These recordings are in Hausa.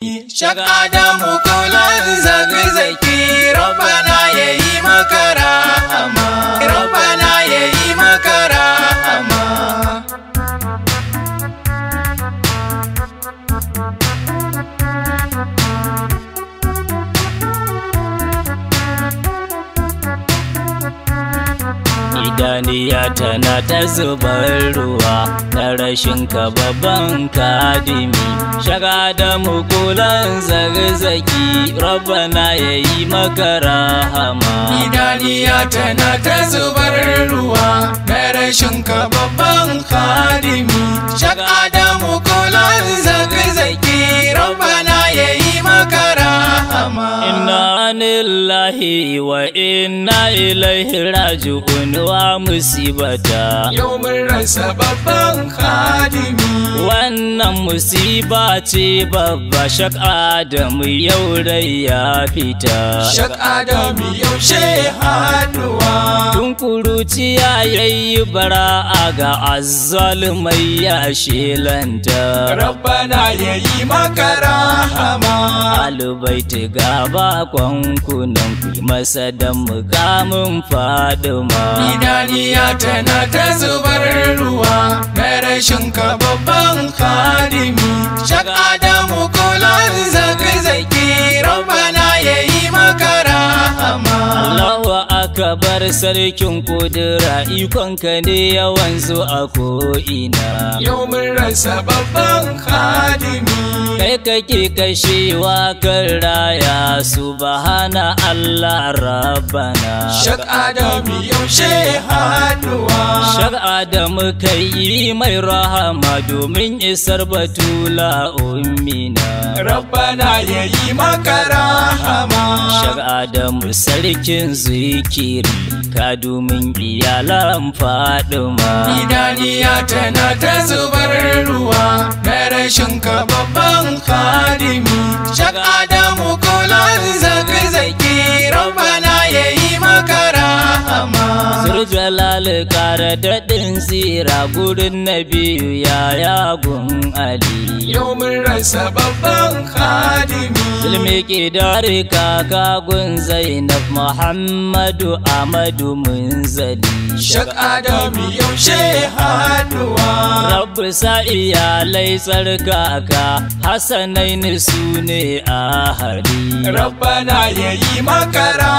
Shakada da mukulan zagi zaki, Rabbana ya yi makara rahama, Rabbana ya yi ya tana ta zubar ruwa na rashin ka babban kadimi shaga da mukulan zarzaki rabbana ya yi maka rahama ya tana ta zubar ruwa na rashin ka babban kadimi shaga da mukulan zarzaki rabbana ya yi maka rahama inna lillahi wa inna ilaihi raji'un wa musibata yau mun rasa babban khadimi wannan musiba ce babba shak adamu yau rai ya fita shak adamu yaushe hannuwa tun ya yayi bara a ga azzalumai ya shelanta rabbana yayi maka rahama ta gaba kwankunan ku masa da mukamin faduma idaniya tana ta zubar kabar sarkin kudura ikonka ne yawan zo a ko'ina yau mun rasa babban hadimi kai ka kashe wa kan raya su subhana allah rabana. shak adamu yaushe hannu adam ka yi mai rahama domin isar batula ummina rabbana ya yi maka rahama shag adam sarkin zikiri ka domin iyalan faduma idaniya tana ta zubar ruwa na rashin ka babban kadimi shag da mu kulan zaki zaki rabbana ya yi maka rahama alƙara daɗin tsira gurin na biyu ya yagun ali yau mun rasa babban hadimi ilmi kidari gun zainab muhammadu amadu munzali shak adamu yaushe hannuwa rabu sa iyalai tsarkaka hasanaini su ne a hari rabbana yayi makara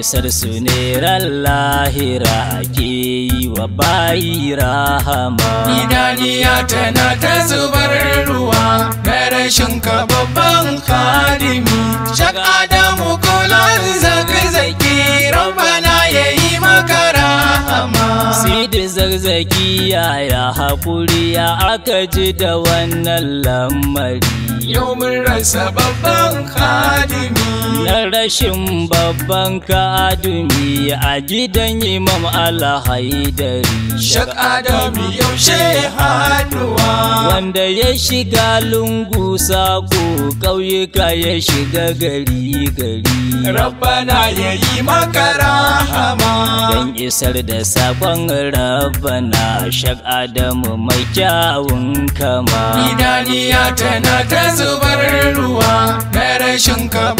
nisar su ne ran lahira ake yi wa bayi rahama idaniya tana ta zubar ruwa na rashin ka babban kadimi shaka da mukulan zaki-zaki rabbana ya yi maka rahama sai da zarzaki yaya haƙuri ya aka ji da wannan lamari yau mun rasa babban kadimi wannan rashin babban ka a duniya a gidan imam alhaidari shak adamu yaushe haduwa wanda ya shiga lungu sako ƙauyuka ya shiga gari gari rabbana ya yi maka rahama don isar da sakon rabbana shak adamu mai kyawun kama idaniya tana ta zubar ruwa na rashin kama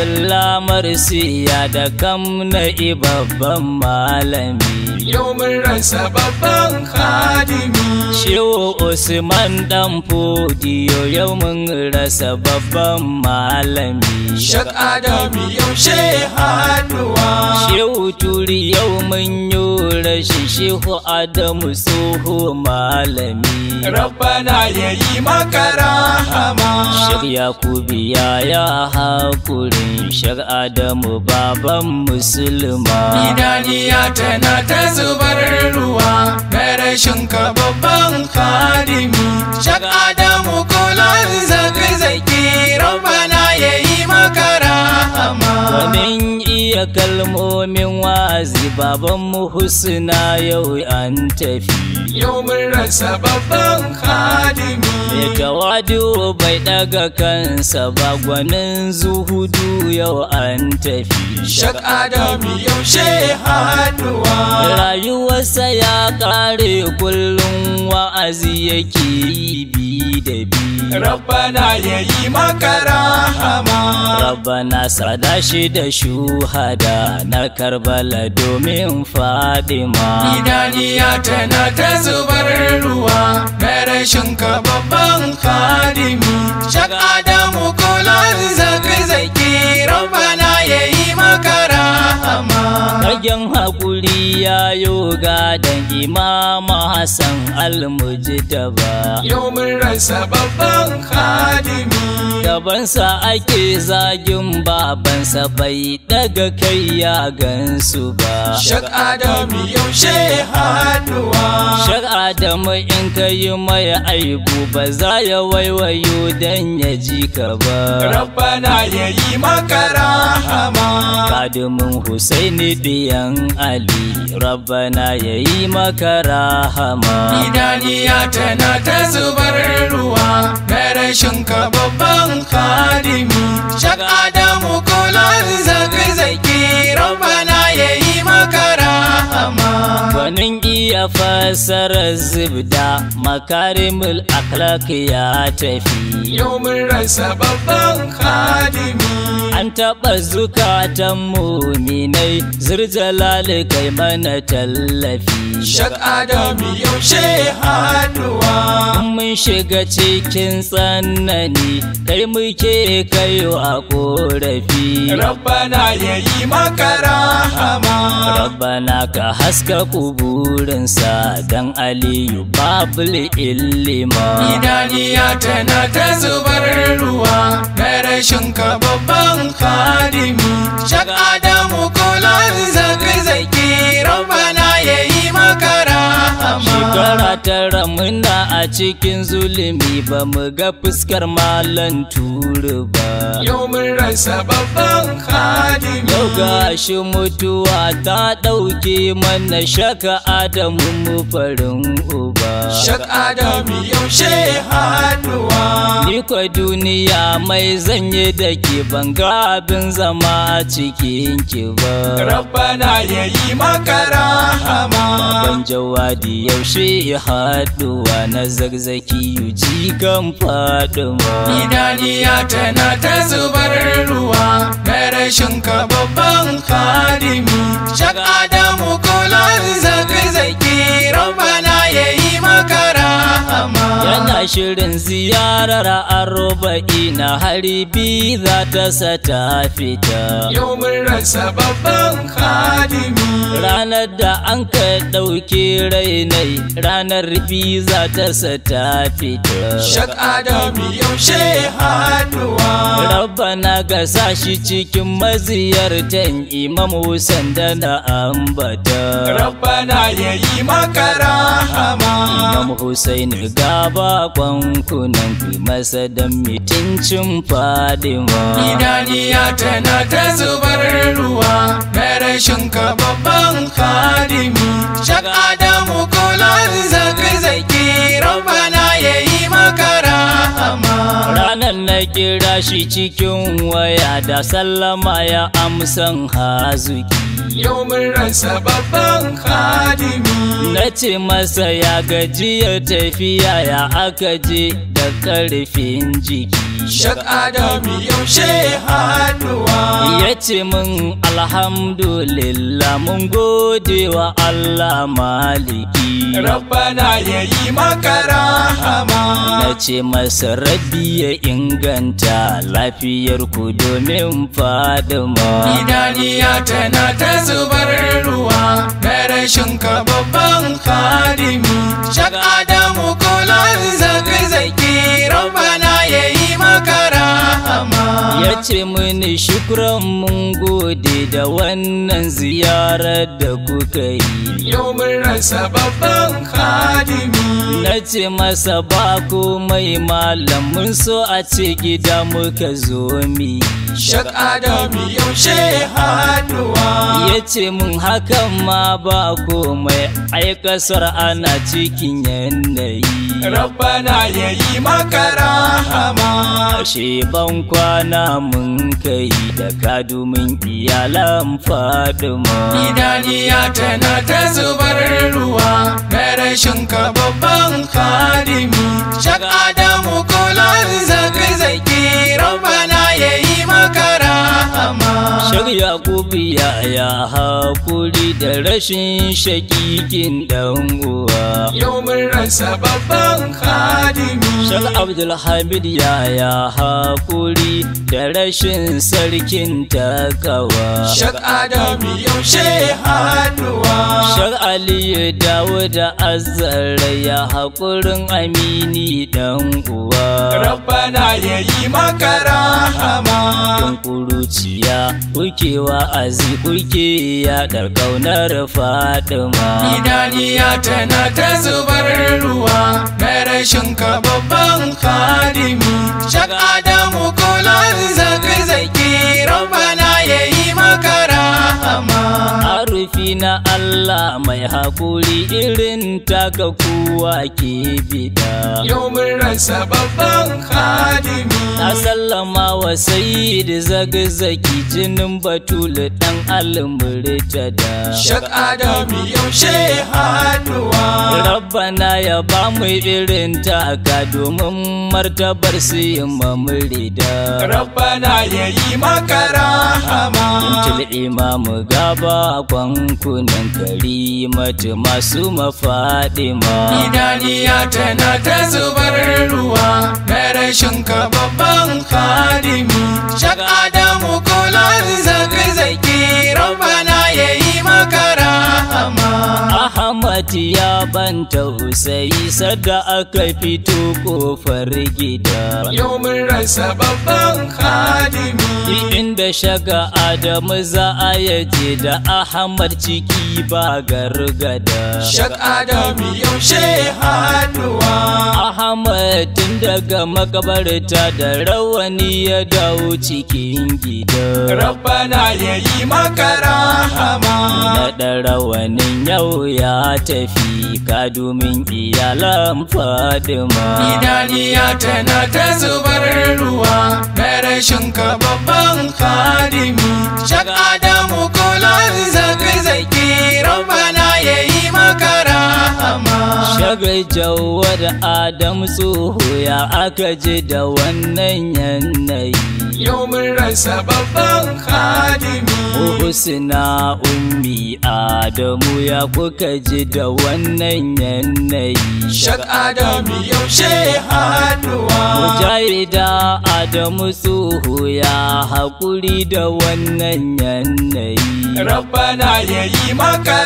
Abdullah siya da kamna babban malami. Yau mun rasa babban hadimi. Shehu Usman dan fodiyo yau mun rasa babban malami. Shak Adamu yau shehaduwa. Shehu Turi yau mun shi shehu adamu suhu malami rabbana ya yi maka rahama shek yakubi ya ya hakurin shek adamu baban musulma idaniya tana ta zubar ruwa na rashin ka babban kadimi shek adamu kulan zaki zaki rabbana ya yi maka ya kalmomin wazi babanmu husna yau an tafi yau mun rasa babban hadimi me tawadu bai daga kansa ba gwanin zuhudu yau an tafi shak adamu yaushe haduwa rayuwarsa ya kare kullum wa'azi yake bi da bi rabbana yayi makara rahama bana sada shi da shuhada na karbala domin fadima idaniya tana ta zubar ruwa na rashin ka babban hadimi shaka da mukulan zaki-zaki rabana ya yi maka rahama ragen haƙuri ya yoga da imama hassan almujitaba yau mun rasa babban hadimi gabansa ake zagin babansa bai daga kai ya gansu ba shak adamu yaushe hannuwa shak adamu in ka yi mai aibu ba za ya waiwayo dan ya ji ka ba rabbana ya yi maka rahama kadumin husaini biyan ali rabbana ya yi maka rahama idaniya tana ta zubar ruwa ka babban hadimi shak adamu kulan zaki-zaki rabbana ya yi maka rahama gwanin iya fasarar zibda makarimul akhlaq ya tafi yau mun rasa babban hadimi an taɓa zukatan muminai zirjalali kai mana tallafi shak adamu yaushe haduwa shiga cikin tsanani kai muke a korafi rabbana ya yi maka rahama rabbana ka haska kuburinsa dan aliyu babul illima idaniya tana ta zubar ruwa na rashin ka babban khadimi shak adamu kulan zaki zaki rabbana ya yi Shekara tara muna a cikin zulumi ba mu ga fuskar malan turu ba. Yau mun rasa babban hadimi. Yau gashi mutuwa ta ɗauke mana shaka Adamu mu farin uba. Shak Adamu yaushe haduwa. Ni kwa duniya mai zanye da ke ban abin zama a cikin ki ba. Rabbana ya yi maka rahama. Ban jawadi yaushe haduwa na zagzaki yuji gan faduma. Idaniya tana ta zubar ruwa na rashin ka babban kadimi. Shak kula kulan zagzaki rabbana. Yeah, y rahama yana shirin ziyarar arba'i na haribi za ta sata fita yau mun rasa babban hadimi ranar da an ka ɗauki rainai ranar bi za ta sata fita shak adamu yaushe haduwa rabbana ga sashi cikin maziyartan imam Hussein da na ambata rabbana yayi maka rahama imam Hussein Ni bakon kunan fi masa don mutuncin fadima idaniya tana ta zubar ruwa na rashin ka babban hadimi shaka da mukulan zaki zaki rabana yayi Ranar na kira shi cikin waya da sallama ya amsan hazuki. Yau mun rasa babban hadimi. Na ce masa ya gaji ya tafiya ya aka je da karfin jiki. Shak Adamu yaushe hannuwa. Ya ce min alhamdulillah mun gode wa Allah maliki. Rabbana ya yi maka Na ce masa sarabbi ya inganta lafiyar ku domin fadama idaniya tana ta zubar ruwa na rashin ka babban hadimi shak adamu kolan zaki zaki rabbana yayi maka rahama ya ce mini shukran mun gode da wannan ziyarar da kuka yi yau mun rasa babban hadimi na ce masa ba mai malam mun so a ce gida muka zo mi shak adami yaushe haduwa ya ce mun hakan ma ba ku ai kasar ana cikin yanayi rabbana ya maka rahama Ashe ban kwana mun kai da kadumin iyalan fadima Idaniya tana ta zubar ruwa na rashin ka babban hadimi. Shaka da mukulan zaki-zaki rabana ya yi maka rahama. Shirya kubiya ya haƙuri da rashin shakikin ɗan uwa. Yau mun rasa babban hadimi. Shaka Abdulhamid ya ya haƙuri da rashin sarkin takawa. Shak Adamu yaushe hannuwa. Shak Aliyu dawo da azara ya haƙurin amini ɗan uwa. Rabbana ya yi maka rahama. Kun kuruciya kuke wa'azi kuke yaɗar ƙaunar Fatima. Idaniya tana ta zubar ruwa na rashin kaba. mahaifi na Allah mai haƙuri irin taka kuwa ke bida. Yau mun rasa babban hadimi. Na sallama wa sayid zagzaki jinin batulu ɗan da. Shak Adamu yaushe Haduwa. Rabbana ya ba mu irin taka domin martabar su yi mamurida. Rabbana ya yi hama. rahama. ma mu gaba kwan yankunan mata masu mafaɗima idaniya tana ta zubar ruwa na rashin ka babban hadimi shaka da mukulan zaki zaki rabbana ya yi maka rahama Ahmad ya banta tausayi sadda aka fito kofar gida Yau mun rasa babban hadimi Inda shaga Adamu za a yaje da Ahmad ciki ba gargada Shak Adamu yaushe haduwa Ahmad tun daga makabarta da rawani ya dawo cikin gida Rabbana ya yi maka karahama Naɗa rawanin yau ya tafi ka domin iyalan fadima Idaniya tana ta zubar ruwa da rashin ka babban kadimi Shaka da mukulan zaki-zaki rabana ya yi maka rahama Shagar jawar Adam tsoho ya aka ji da wannan yanayi Yau mun rasa babban kadimi husna ummi adamu ya kuka ji da wannan yanayi shak adamu yaushe haduwa mujahida adamu suhu ya haƙuri da wannan yanayi rabbana ya yi maka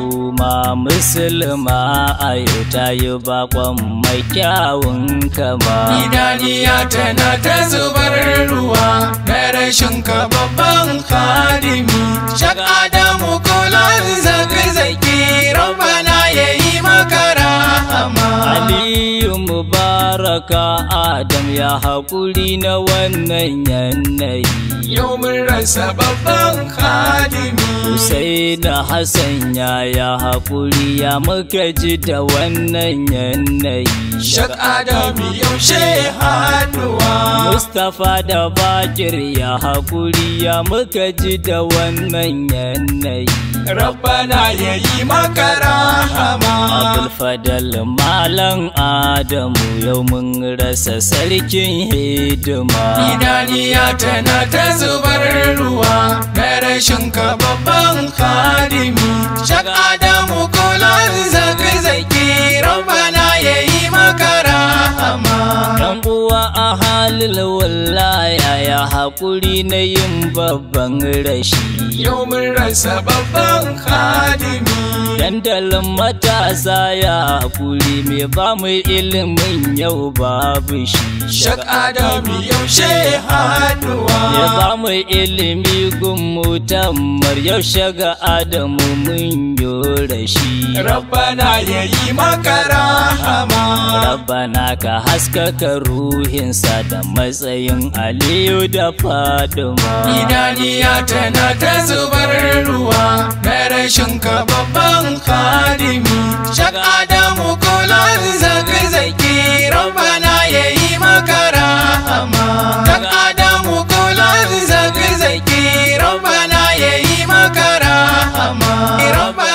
kuma musulma a yau ta yi bakon mai kyawun kama idaniya tana ta zubar ruwa na rashin ka babba kadimi shak adamu kulan zaki zaki rabbana yayi maka ali mubaraka adam ya haƙuri na wannan yanayi yau mun rasa babban hadimi sai na hassan ya ya haƙuri ya muka ji da wannan yanayi shak adam yaushe haduwa mustapha da bakir ya haƙuri ya muka ji da wannan yanayi rabbana ya yi maka rahama abulfadal malam adam da mu yau mun rasa sarkin hidima idaniya tana ta zubar ruwa na rashin ka babban hadimi shaka da kolon kulan zaki-zaki ya yi maka rahama a halin ya haƙuri na yin babban rashi yau mun rasa babban hadimi dandalin matasa ya haƙuri mai ba mu il ilimin yau babu shi shak adamu yaushe haduwa ya ba mu ilimi tamar, yau shaga adamu mun yore shi rabbana ya yi maka rahama rabbana ka haskaka ruhinsa da matsayin aliyu da faduma idaniya tana ta zubar ruwa na rashin ka babban kadimi shak adamu maulan zaki zaki rabbana yayi maka rahama dan adamu kaulan zaki zaki ya yayi maka rahama rabbana